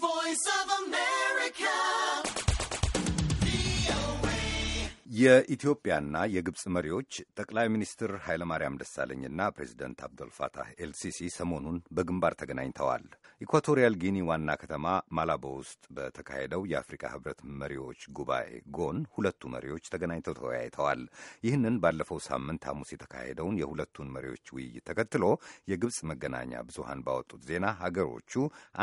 voice of America. የኢትዮጵያና የግብፅ መሪዎች ጠቅላይ ሚኒስትር ኃይለማርያም ደሳለኝና ፕሬዚደንት አብዶልፋታህ ኤልሲሲ ሰሞኑን በግንባር ተገናኝተዋል። ኢኳቶሪያል ጊኒ ዋና ከተማ ማላቦ ውስጥ በተካሄደው የአፍሪካ ህብረት መሪዎች ጉባኤ ጎን ሁለቱ መሪዎች ተገናኝተው ተወያይተዋል። ይህንን ባለፈው ሳምንት ሐሙስ የተካሄደውን የሁለቱን መሪዎች ውይይት ተከትሎ የግብፅ መገናኛ ብዙሃን ባወጡት ዜና ሀገሮቹ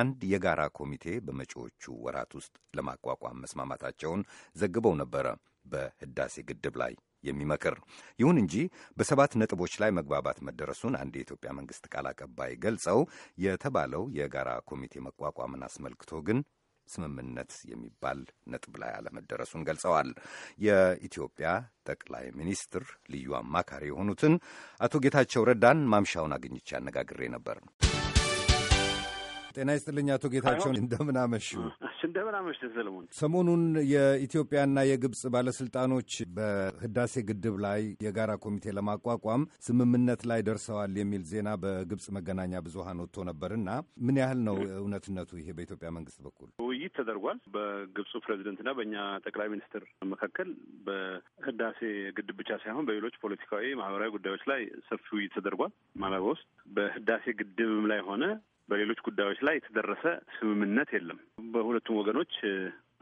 አንድ የጋራ ኮሚቴ በመጪዎቹ ወራት ውስጥ ለማቋቋም መስማማታቸውን ዘግበው ነበረ። በህዳሴ ግድብ ላይ የሚመክር ይሁን እንጂ በሰባት ነጥቦች ላይ መግባባት መደረሱን አንድ የኢትዮጵያ መንግስት ቃል አቀባይ ገልጸው የተባለው የጋራ ኮሚቴ መቋቋምን አስመልክቶ ግን ስምምነት የሚባል ነጥብ ላይ አለመደረሱን ገልጸዋል። የኢትዮጵያ ጠቅላይ ሚኒስትር ልዩ አማካሪ የሆኑትን አቶ ጌታቸው ረዳን ማምሻውን አግኝቼ አነጋግሬ ነበር። ጤና ይስጥልኝ አቶ ጌታቸውን እንደምን አመሹ? እንደምን አመሽ ሰለሞን። ሰሞኑን የኢትዮጵያና የግብፅ ባለስልጣኖች በህዳሴ ግድብ ላይ የጋራ ኮሚቴ ለማቋቋም ስምምነት ላይ ደርሰዋል የሚል ዜና በግብፅ መገናኛ ብዙሃን ወጥቶ ነበርና ምን ያህል ነው እውነትነቱ? ይሄ በኢትዮጵያ መንግስት በኩል ውይይት ተደርጓል። በግብፁ ፕሬዚደንትና በእኛ ጠቅላይ ሚኒስትር መካከል በህዳሴ ግድብ ብቻ ሳይሆን በሌሎች ፖለቲካዊ፣ ማህበራዊ ጉዳዮች ላይ ሰፊ ውይይት ተደርጓል። ማላባ ውስጥ በህዳሴ ግድብም ላይ ሆነ በሌሎች ጉዳዮች ላይ የተደረሰ ስምምነት የለም። በሁለቱም ወገኖች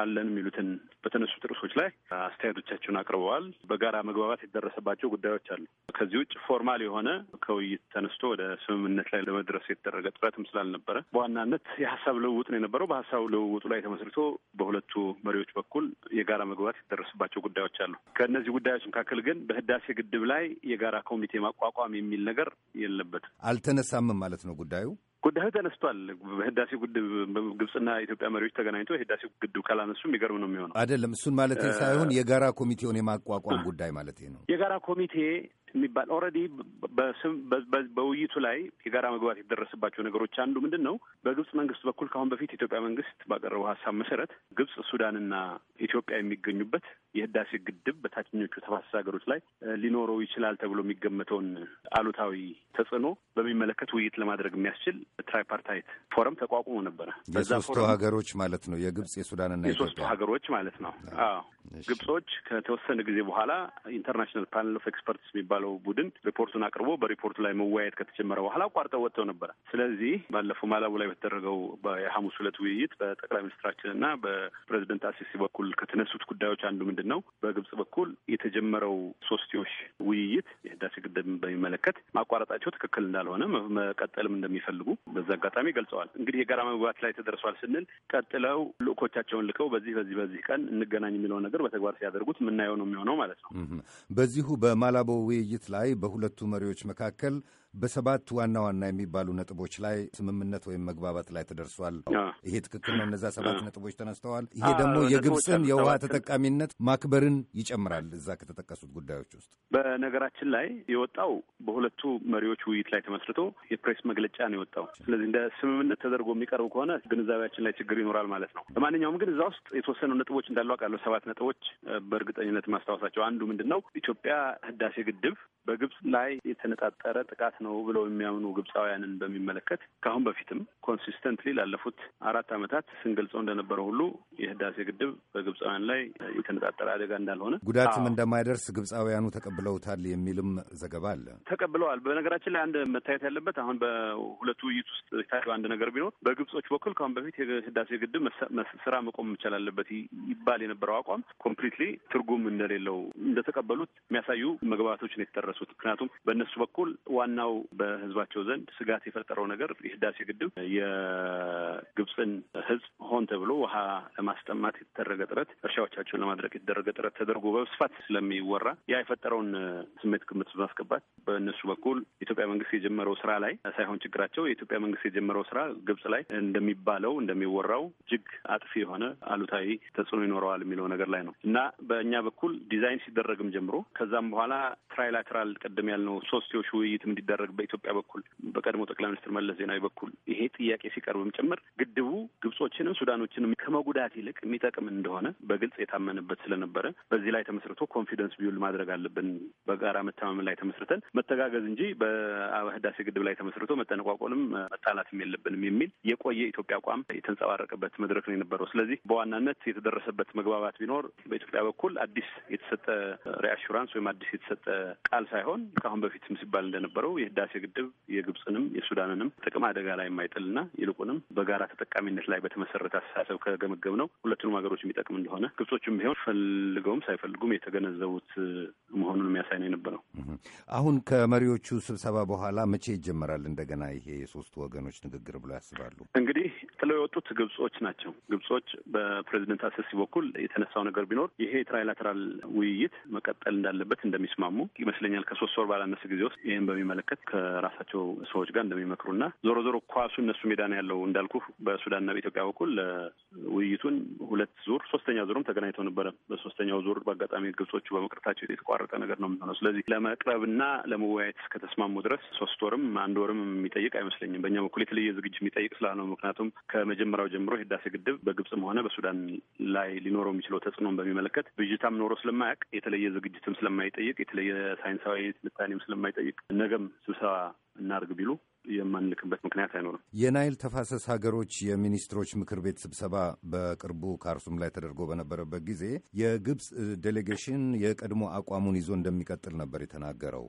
አለን የሚሉትን በተነሱ ርዕሶች ላይ አስተያየቶቻቸውን አቅርበዋል። በጋራ መግባባት የተደረሰባቸው ጉዳዮች አሉ። ከዚህ ውጭ ፎርማል የሆነ ከውይይት ተነስቶ ወደ ስምምነት ላይ ለመድረስ የተደረገ ጥረትም ስላልነበረ በዋናነት የሀሳብ ልውውጥ ነው የነበረው። በሀሳብ ልውውጡ ላይ ተመስርቶ በሁለቱ መሪዎች በኩል የጋራ መግባባት የተደረሰባቸው ጉዳዮች አሉ። ከእነዚህ ጉዳዮች መካከል ግን በህዳሴ ግድብ ላይ የጋራ ኮሚቴ ማቋቋም የሚል ነገር የለበትም፣ አልተነሳም ማለት ነው ጉዳዩ ጉዳዩ ተነስቷል። ህዳሴ ግድብ ግብጽና ኢትዮጵያ መሪዎች ተገናኝቶ የህዳሴ ግድብ ካላነሱ የሚገርም ነው የሚሆነው። አይደለም እሱን ማለት ሳይሆን የጋራ ኮሚቴውን የማቋቋም ጉዳይ ማለት ነው። የጋራ ኮሚቴ የሚባል ኦልሬዲ በውይይቱ ላይ የጋራ መግባት የተደረሰባቸው ነገሮች አንዱ ምንድን ነው፣ በግብጽ መንግስት በኩል ከአሁን በፊት የኢትዮጵያ መንግስት ባቀረበው ሀሳብ መሰረት ግብጽ፣ ሱዳንና ኢትዮጵያ የሚገኙበት የህዳሴ ግድብ በታችኞቹ ተፋሰስ ሀገሮች ላይ ሊኖረው ይችላል ተብሎ የሚገመተውን አሉታዊ ተጽዕኖ በሚመለከት ውይይት ለማድረግ የሚያስችል ትራይፓርታይት ፎረም ተቋቁሞ ነበረ። የሶስቱ ሀገሮች ማለት ነው፣ የግብጽ የሱዳንና የሶስቱ ሀገሮች ማለት ነው። ግብጾች ከተወሰነ ጊዜ በኋላ ኢንተርናሽናል ፓነል ኦፍ ኤክስፐርትስ የሚባል የተባለው ቡድን ሪፖርቱን አቅርቦ በሪፖርቱ ላይ መወያየት ከተጀመረ በኋላ አቋርጠው ወጥተው ነበረ። ስለዚህ ባለፈው ማላቡ ላይ በተደረገው የሐሙስ ዕለት ውይይት በጠቅላይ ሚኒስትራችንና በፕሬዚደንት አሲሲ በኩል ከተነሱት ጉዳዮች አንዱ ምንድን ነው፣ በግብጽ በኩል የተጀመረው ሶስትዮሽ ውይይት የህዳሴ ግድብን በሚመለከት ማቋረጣቸው ትክክል እንዳልሆነ መቀጠልም እንደሚፈልጉ በዛ አጋጣሚ ገልጸዋል። እንግዲህ የጋራ መግባት ላይ ተደርሷል ስንል ቀጥለው ልኡኮቻቸውን ልከው በዚህ በዚህ በዚህ ቀን እንገናኝ የሚለው ነገር በተግባር ሲያደርጉት የምናየው ነው የሚሆነው ማለት ነው። በዚሁ በማላቦ ውይይት ውይይት ላይ በሁለቱ መሪዎች መካከል በሰባት ዋና ዋና የሚባሉ ነጥቦች ላይ ስምምነት ወይም መግባባት ላይ ተደርሷል። ይሄ ትክክል ነው። እነዛ ሰባት ነጥቦች ተነስተዋል። ይሄ ደግሞ የግብፅን የውሃ ተጠቃሚነት ማክበርን ይጨምራል። እዛ ከተጠቀሱት ጉዳዮች ውስጥ በነገራችን ላይ የወጣው በሁለቱ መሪዎች ውይይት ላይ ተመስርቶ የፕሬስ መግለጫ ነው የወጣው። ስለዚህ እንደ ስምምነት ተደርጎ የሚቀርቡ ከሆነ ግንዛቤያችን ላይ ችግር ይኖራል ማለት ነው። ለማንኛውም ግን እዛ ውስጥ የተወሰኑ ነጥቦች እንዳሉ አውቃለሁ። ሰባት ነጥቦች በእርግጠኝነት ማስታወሳቸው አንዱ ምንድን ነው? ኢትዮጵያ ህዳሴ ግድብ በግብፅ ላይ የተነጣጠረ ጥቃት ነው ብለው የሚያምኑ ግብፃውያንን በሚመለከት ከአሁን በፊትም ኮንሲስተንትሊ ላለፉት አራት ዓመታት ስንገልጸው እንደነበረ ሁሉ የህዳሴ ግድብ በግብፃውያን ላይ የተነጣጠረ አደጋ እንዳልሆነ፣ ጉዳትም እንደማይደርስ ግብፃውያኑ ተቀብለውታል የሚልም ዘገባ አለ። ተቀብለዋል። በነገራችን ላይ አንድ መታየት ያለበት አሁን በሁለቱ ውይይት ውስጥ ታየ አንድ ነገር ቢኖር በግብጾች በኩል ከአሁን በፊት የህዳሴ ግድብ ስራ መቆም መቻል አለበት ይባል የነበረው አቋም ኮምፕሊትሊ ትርጉም እንደሌለው እንደተቀበሉት የሚያሳዩ መግባባቶች ነው የተደረሱት። ምክንያቱም በእነሱ በኩል ዋናው ዋናው በህዝባቸው ዘንድ ስጋት የፈጠረው ነገር የህዳሴ ግድብ የግብፅን ህዝብ ሆን ተብሎ ውሃ ለማስጠማት የተደረገ ጥረት፣ እርሻዎቻቸውን ለማድረግ የተደረገ ጥረት ተደርጎ በስፋት ስለሚወራ ያ የፈጠረውን ስሜት ግምት በማስገባት በእነሱ በኩል የኢትዮጵያ መንግስት የጀመረው ስራ ላይ ሳይሆን ችግራቸው የኢትዮጵያ መንግስት የጀመረው ስራ ግብጽ ላይ እንደሚባለው እንደሚወራው እጅግ አጥፊ የሆነ አሉታዊ ተጽዕኖ ይኖረዋል የሚለው ነገር ላይ ነው እና በእኛ በኩል ዲዛይን ሲደረግም ጀምሮ ከዛም በኋላ ትራይላተራል ቅድም ያልነው ሶስትዮሽ ውይይትም እንዲደረግ ሲደረግ በኢትዮጵያ በኩል በቀድሞ ጠቅላይ ሚኒስትር መለስ ዜናዊ በኩል ይሄ ጥያቄ ሲቀርብም ጭምር ግድቡ ግብጾችንም ሱዳኖችንም ከመጉዳት ይልቅ የሚጠቅም እንደሆነ በግልጽ የታመንበት ስለነበረ በዚህ ላይ ተመስርቶ ኮንፊደንስ ቢውል ማድረግ አለብን። በጋራ መተማመን ላይ ተመስርተን መተጋገዝ እንጂ በህዳሴ ግድብ ላይ ተመስርቶ መጠነቋቆልም መጣላትም የለብንም የሚል የቆየ ኢትዮጵያ አቋም የተንጸባረቀበት መድረክ ነው የነበረው። ስለዚህ በዋናነት የተደረሰበት መግባባት ቢኖር በኢትዮጵያ በኩል አዲስ የተሰጠ ሪአሹራንስ ወይም አዲስ የተሰጠ ቃል ሳይሆን ከአሁን በፊትም ሲባል እንደነበረው የህዳሴ ግድብ የግብፅንም የሱዳንንም ጥቅም አደጋ ላይ የማይጥልና ይልቁንም በጋራ ተጠቃሚነት ላይ በተመሰረተ አስተሳሰብ ከገመገብ ነው ሁለቱንም ሀገሮች የሚጠቅም እንደሆነ ግብጾችም ቢሆን ፈልገውም ሳይፈልጉም የተገነዘቡት መሆኑን የሚያሳይ ነው የነበረው። አሁን ከመሪዎቹ ስብሰባ በኋላ መቼ ይጀመራል እንደገና ይሄ የሶስቱ ወገኖች ንግግር ብሎ ያስባሉ? እንግዲህ ጥለው የወጡት ግብጾች ናቸው። ግብጾች በፕሬዚደንት አሰሲ በኩል የተነሳው ነገር ቢኖር ይሄ የትራይላተራል ውይይት መቀጠል እንዳለበት እንደሚስማሙ ይመስለኛል። ከሶስት ወር ባላነሰ ጊዜ ውስጥ ይህን በሚመለከት ከራሳቸው ሰዎች ጋር እንደሚመክሩና ዞሮ ዞሮ ኳሱ እነሱ ሜዳ ነው ያለው እንዳልኩ በሱዳንና በኢትዮጵያ በኩል ውይይቱን ሁለት ዙር ሶስተኛ ዙርም ተገናኝተው ነበረ። በሶስተኛው ዙር በአጋጣሚ ግብጾቹ በመቅረታቸው የተቋረጠ ነገር ነው የምንሆነው። ስለዚህ ለመቅረብና ለመወያየት እስከተስማሙ ድረስ ሶስት ወርም አንድ ወርም የሚጠይቅ አይመስለኝም። በእኛ በኩል የተለየ ዝግጅት የሚጠይቅ ስላልነው ምክንያቱም ከመጀመሪያው ጀምሮ የህዳሴ ግድብ በግብጽም ሆነ በሱዳን ላይ ሊኖረው የሚችለው ተጽዕኖን በሚመለከት ብዥታም ኖሮ ስለማያውቅ የተለየ ዝግጅትም ስለማይጠይቅ የተለየ ሳይንሳዊ ትንታኔም ስለማይጠይቅ ነገም ስብሰባ እናርግ ቢሉ የማንልክበት ምክንያት አይኖርም። የናይል ተፋሰስ ሀገሮች የሚኒስትሮች ምክር ቤት ስብሰባ በቅርቡ ካርቱም ላይ ተደርጎ በነበረበት ጊዜ የግብፅ ዴሌጌሽን የቀድሞ አቋሙን ይዞ እንደሚቀጥል ነበር የተናገረው።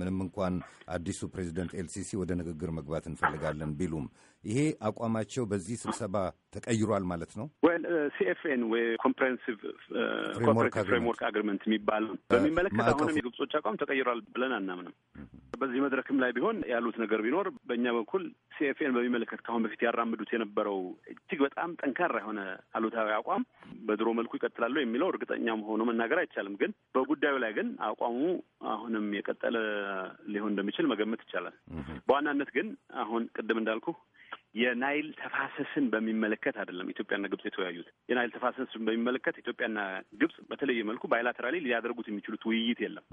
ምንም እንኳን አዲሱ ፕሬዚደንት ኤልሲሲ ወደ ንግግር መግባት እንፈልጋለን ቢሉም ይሄ አቋማቸው በዚህ ስብሰባ ተቀይሯል ማለት ነው። ሲኤፍኤን uh, ወይ ኮምፕሬንሲቭ ፍሬምወርክ አግሪመንት የሚባል በሚመለከት አሁንም የግብጾች አቋም ተቀይሯል ብለን አናምንም። በዚህ መድረክም ላይ ቢሆን ያሉት ነገር ቢኖር በእኛ በኩል ሲኤፍኤን በሚመለከት ከአሁን በፊት ያራምዱት የነበረው እጅግ በጣም ጠንካራ የሆነ አሉታዊ አቋም በድሮ መልኩ ይቀጥላሉ የሚለው እርግጠኛ ሆኖ መናገር አይቻልም። ግን በጉዳዩ ላይ ግን አቋሙ አሁንም የቀጠለ ሊሆን እንደሚችል መገመት ይቻላል። በዋናነት ግን አሁን ቅድም እንዳልኩ የናይል ተፋሰስን በሚመለከት አይደለም ኢትዮጵያና ግብጽ የተወያዩት። የናይል ተፋሰስን በሚመለከት ኢትዮጵያና ግብጽ በተለየ መልኩ ባይላተራሊ ሊያደርጉት የሚችሉት ውይይት የለም።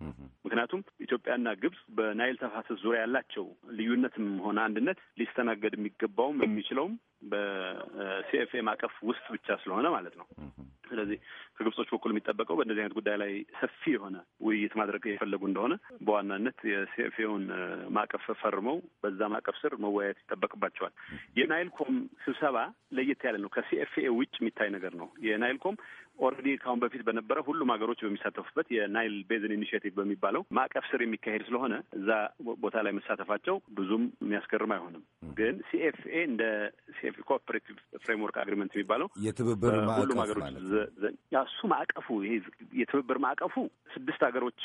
ምክንያቱም ኢትዮጵያና ግብጽ በናይል ተፋሰስ ዙሪያ ያላቸው ልዩነትም ሆነ አንድነት ሊስተናገድ የሚገባውም የሚችለውም በሲኤፍኤ ማዕቀፍ ውስጥ ብቻ ስለሆነ ማለት ነው። ስለዚህ ከግብጾች በኩል የሚጠበቀው በእንደዚህ አይነት ጉዳይ ላይ ሰፊ የሆነ ውይይት ማድረግ የፈለጉ እንደሆነ በዋናነት የሲኤፍኤውን ማዕቀፍ ፈርመው በዛ ማዕቀፍ ስር መወያየት ይጠበቅባቸዋል። የናይልኮም ስብሰባ ለየት ያለ ነው። ከሲኤፍኤ ውጭ የሚታይ ነገር ነው። የናይልኮም ኦልሬዲ ካሁን በፊት በነበረ ሁሉም ሀገሮች በሚሳተፉበት የናይል ቤዝን ኢኒሽቲቭ በሚባለው ማዕቀፍ ስር የሚካሄድ ስለሆነ እዛ ቦታ ላይ መሳተፋቸው ብዙም የሚያስገርም አይሆንም። ግን ሲኤፍኤ እንደ ሲኤፍኤ ኮኦፐሬቲቭ ፍሬምወርክ አግሪመንት የሚባለው የትብብር ሁሉም ሀገሮች እሱ ማዕቀፉ ይሄ የትብብር ማዕቀፉ ስድስት ሀገሮች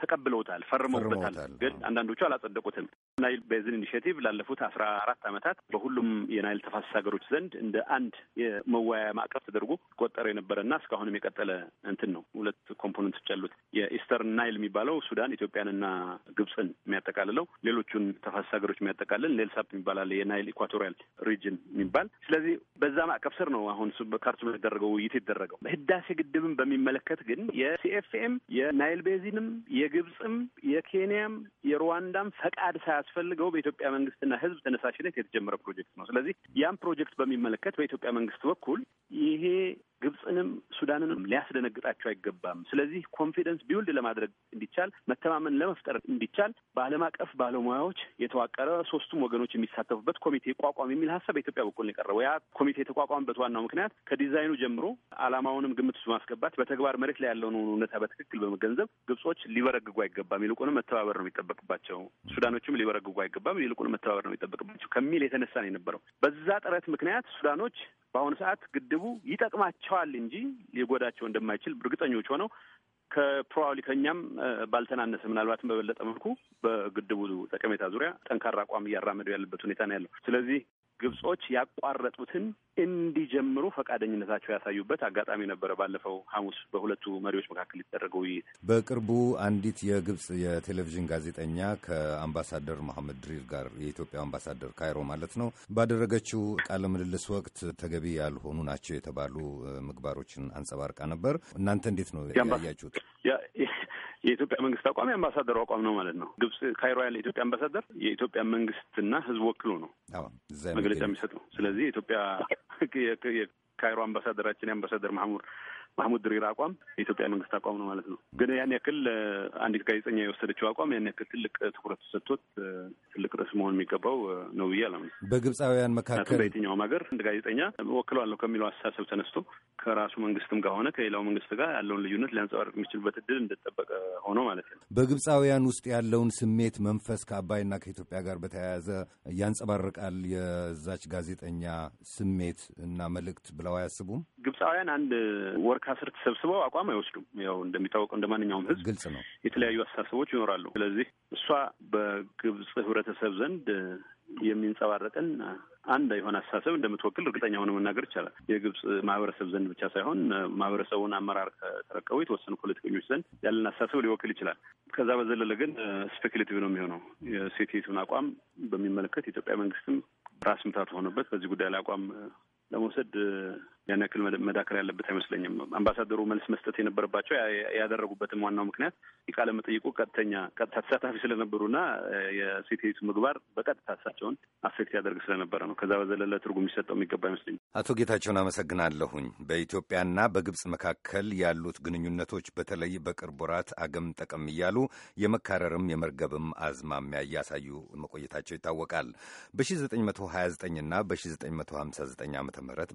ተቀብለውታል፣ ፈርመውበታል። ግን አንዳንዶቹ አላጸደቁትም። ናይል ቤዝን ኢኒሽቲቭ ላለፉት አስራ አራት ዓመታት በሁሉም የናይል ተፋሰስ ሀገሮች ዘንድ እንደ አንድ የመወያያ ማዕቀፍ ተደርጎ ቆጠረ የነበረና እስካሁን አሁንም የቀጠለ እንትን ነው። ሁለት ኮምፖነንቶች ያሉት የኢስተርን ናይል የሚባለው ሱዳን፣ ኢትዮጵያንና ግብፅን የሚያጠቃልለው ሌሎቹን ተፋሰስ ሀገሮች የሚያጠቃልል ኔልሳፕ የሚባላል የናይል ኢኳቶሪያል ሪጅን የሚባል ስለዚህ በዛ ማዕቀፍ ስር ነው አሁን ካርቱም የተደረገው ውይይት የተደረገው። ህዳሴ ግድብን በሚመለከት ግን የሲኤፍኤም የናይል ቤዚንም የግብፅም የኬንያም የሩዋንዳም ፈቃድ ሳያስፈልገው በኢትዮጵያ መንግስትና ህዝብ ተነሳሽነት የተጀመረ ፕሮጀክት ነው። ስለዚህ ያም ፕሮጀክት በሚመለከት በኢትዮጵያ መንግስት በኩል ይሄ ግብፅንም ሱዳንንም ሊያስደነግጣቸው አይገባም። ስለዚህ ኮንፊደንስ ቢውልድ ለማድረግ እንዲቻል መተማመን ለመፍጠር እንዲቻል በዓለም አቀፍ ባለሙያዎች የተዋቀረ ሶስቱም ወገኖች የሚሳተፉበት ኮሚቴ ቋቋም የሚል ሀሳብ በኢትዮጵያ በኩል የቀረበው። ያ ኮሚቴ የተቋቋመበት ዋናው ምክንያት ከዲዛይኑ ጀምሮ ዓላማውንም ግምት ውስጥ ማስገባት በተግባር መሬት ላይ ያለውን እውነታ በትክክል በመገንዘብ ግብጾች ሊበረግጉ አይገባም፣ ይልቁንም መተባበር ነው የሚጠበቅባቸው። ሱዳኖችም ሊበረግጉ አይገባም፣ ይልቁንም መተባበር ነው የሚጠበቅባቸው ከሚል የተነሳ ነው የነበረው። በዛ ጥረት ምክንያት ሱዳኖች በአሁኑ ሰዓት ግድቡ ይጠቅማቸዋል እንጂ ሊጎዳቸው እንደማይችል እርግጠኞች ሆነው ከፕሮባብሊ ከኛም ባልተናነሰ ምናልባትም በበለጠ መልኩ በግድቡ ጠቀሜታ ዙሪያ ጠንካራ አቋም እያራመደው ያለበት ሁኔታ ነው ያለው። ስለዚህ ግብጾች ያቋረጡትን እንዲጀምሩ ፈቃደኝነታቸው ያሳዩበት አጋጣሚ ነበረ። ባለፈው ሐሙስ በሁለቱ መሪዎች መካከል የተደረገው ውይይት በቅርቡ አንዲት የግብጽ የቴሌቪዥን ጋዜጠኛ ከአምባሳደር መሐመድ ድሪር ጋር የኢትዮጵያ አምባሳደር ካይሮ ማለት ነው ባደረገችው ቃለ ምልልስ ወቅት ተገቢ ያልሆኑ ናቸው የተባሉ ምግባሮችን አንጸባርቃ ነበር። እናንተ እንዴት ነው ያያችሁት? የኢትዮጵያ መንግስት አቋም የአምባሳደሩ አቋም ነው ማለት ነው። ግብጽ ካይሮ ያለ የኢትዮጵያ አምባሳደር የኢትዮጵያ መንግስትና ህዝብ ወክሎ ነው መግለጫ የሚሰጥ ነው። ስለዚህ የኢትዮጵያ የካይሮ አምባሳደራችን የአምባሳደር ማህሙድ ማህሙድ ድሪር አቋም የኢትዮጵያ መንግስት አቋም ነው ማለት ነው። ግን ያን ያክል አንዲት ጋዜጠኛ የወሰደችው አቋም ያን ያክል ትልቅ ትኩረት ተሰጥቶት ትልቅ ርዕስ መሆን የሚገባው ነው ብዬ አላምንም። በግብፃውያን መካከል በየትኛውም ሀገር አንድ ጋዜጠኛ ወክለዋለሁ ከሚለው አስተሳሰብ ተነስቶ ከራሱ መንግስትም ጋር ሆነ ከሌላው መንግስት ጋር ያለውን ልዩነት ሊያንጸባርቅ የሚችልበት እድል እንደጠበቀ ሆኖ ማለት ነው። በግብፃውያን ውስጥ ያለውን ስሜት መንፈስ ከአባይና ከኢትዮጵያ ጋር በተያያዘ ያንጸባርቃል የዛች ጋዜጠኛ ስሜት እና መልእክት ብለው አያስቡም። ግብፃውያን አንድ ወር ከአስር ተሰብስበው አቋም አይወስዱም። ያው እንደሚታወቀው እንደ ማንኛውም ህዝብ ግልጽ ነው የተለያዩ አስተሳሰቦች ይኖራሉ። ስለዚህ እሷ በግብፅ ህብረተሰብ ዘንድ የሚንጸባረቅን አንድ የሆነ አስተሳሰብ እንደምትወክል እርግጠኛ ሆነ መናገር ይቻላል። የግብፅ ማህበረሰብ ዘንድ ብቻ ሳይሆን ማህበረሰቡን አመራር ከተረከቡ የተወሰኑ ፖለቲከኞች ዘንድ ያለን አስተሳሰብ ሊወክል ይችላል። ከዛ በዘለለ ግን ስፔኩሌቲቭ ነው የሚሆነው። የሴቴቱን አቋም በሚመለከት የኢትዮጵያ መንግስትም ራስ ምታት ሆነበት በዚህ ጉዳይ ላይ አቋም ለመውሰድ ያን ያክል መዳከር ያለበት አይመስለኝም። አምባሳደሩ መልስ መስጠት የነበረባቸው ያደረጉበትም ዋናው ምክንያት የቃለ መጠይቁ ቀጥተኛ ቀጥታ ተሳታፊ ስለነበሩና የሴቴቱ ምግባር በቀጥታ እሳቸውን አፌክት ያደርግ ስለነበረ ነው። ከዛ በዘለለ ትርጉም የሚሰጠው የሚገባ አይመስለኝም። አቶ ጌታቸውን አመሰግናለሁኝ። በኢትዮጵያና በግብጽ መካከል ያሉት ግንኙነቶች በተለይ በቅርብ ወራት አገም ጠቀም እያሉ የመካረርም የመርገብም አዝማሚያ እያሳዩ መቆየታቸው ይታወቃል። በ1929ና በ1959 ዓ ም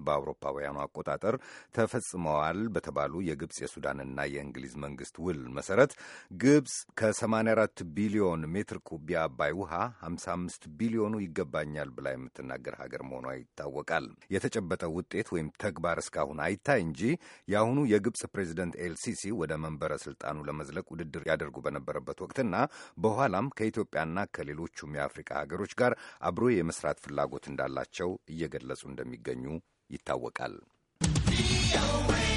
በአውሮፓውያኑ አቆጣጠር ተፈጽመዋል በተባሉ የግብፅ የሱዳንና የእንግሊዝ መንግስት ውል መሰረት ግብፅ ከ84 ቢሊዮን ሜትር ኩቢያ አባይ ውሃ 55 ቢሊዮኑ ይገባኛል ብላ የምትናገር ሀገር መሆኗ ይታወቃል። የተጨበጠ ውጤት ወይም ተግባር እስካሁን አይታይ እንጂ የአሁኑ የግብፅ ፕሬዚደንት ኤልሲሲ ወደ መንበረ ስልጣኑ ለመዝለቅ ውድድር ያደርጉ በነበረበት ወቅትና በኋላም ከኢትዮጵያና ከሌሎቹም የአፍሪካ ሀገሮች ጋር አብሮ የመስራት ፍላጎት እንዳላቸው እየገለጹ እንደሚገኙ ይታወቃል። Go away.